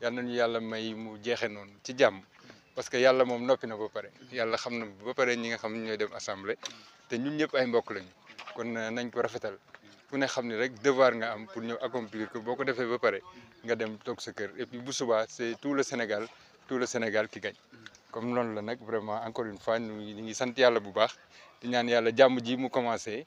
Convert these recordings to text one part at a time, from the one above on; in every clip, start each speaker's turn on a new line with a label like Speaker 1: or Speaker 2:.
Speaker 1: yal nañu yàlla may mu jeexe noonu ci jàmm parce que yàlla moom noppi na ba pare yàlla xam na ba pare ñi nga xam ne ñooy dem assemblée te ñun ñëpp ay mbokk lañu kon euh, nañ ko rafetal ku ne xam ne rek devoir nga am pour ñëw accomplir ko boo ko defee ba pare nga dem toog sa kër et puis bu subaa c'est tout le Sénégal tout le Sénégal qui gagne comme noonu la nag vraiment encore une fois ñu ngi sant yàlla bu baax di ñaan yàlla jàmm ji mu commencé.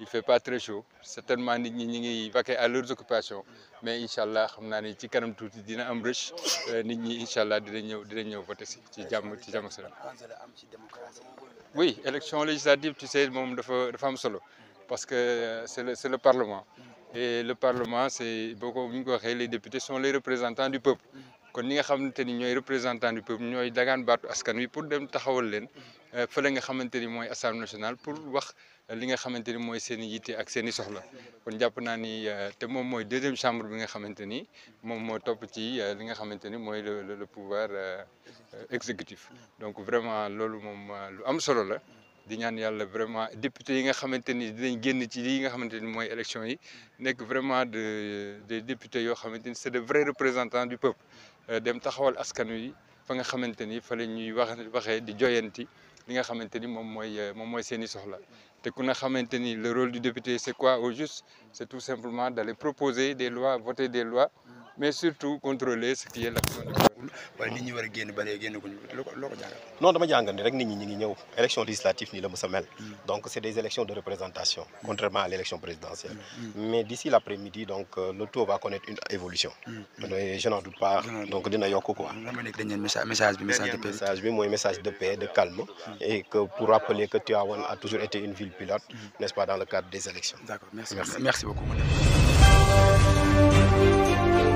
Speaker 1: il fait pas très chaud certainement ils vont à leurs occupations mais Inch'Allah, je euh, voter oui élection législative tu sais solo parce que euh, c'est le parlement et le parlement c'est beaucoup mieux les députés sont les représentants du peuple kon ñi nga xamante ni ñooy représentant du peuple ñooy dagaan baatu askan wi pour dem taxawal leen euh, fële nga xamante ni mooy assemblée nationale pour wax li nga xamante ni mooy seen i yitte ak seen i soxla kon jàpp naa ni euh, te moom mooy deuxième chambre bi nga xamante ni moom moo topp ci euh, li nga xamante ni mooy le le pouvoir exécutif donc vraiment loolu moom lu am solo la di ñaan yàlla vraiment député yi nga xamante ni dinañ génn ci lii nga xamante ni mooy élection yi nekk vraiment de des députés yoo xamante ni c'est de vrais représentants du peuple euh, dem taxawal askan wi fa nga xamante ni fa la ñuy wax waxee di joyanti li nga xamante ni moom mooy euh, moom mooy seen i soxla te ku na xamante ni le rôle du député c'est quoi au juste c'est tout simplement d'aller proposer des lois voter des lois mais surtout contrôler ce qui est l'action de la
Speaker 2: non dama élection législative ni hmm. donc c'est des élections de représentation hmm. contrairement à l'élection présidentielle hmm. mais d'ici l'après-midi donc euh, le tour va connaître une évolution je n'en doute pas donc dina quoi message de paix de calme et que pour rappeler que Tivaouane a toujours été une ville pilote n'est-ce pas dans le cadre des élections d'accord merci merci beaucoup madame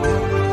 Speaker 2: Thank you.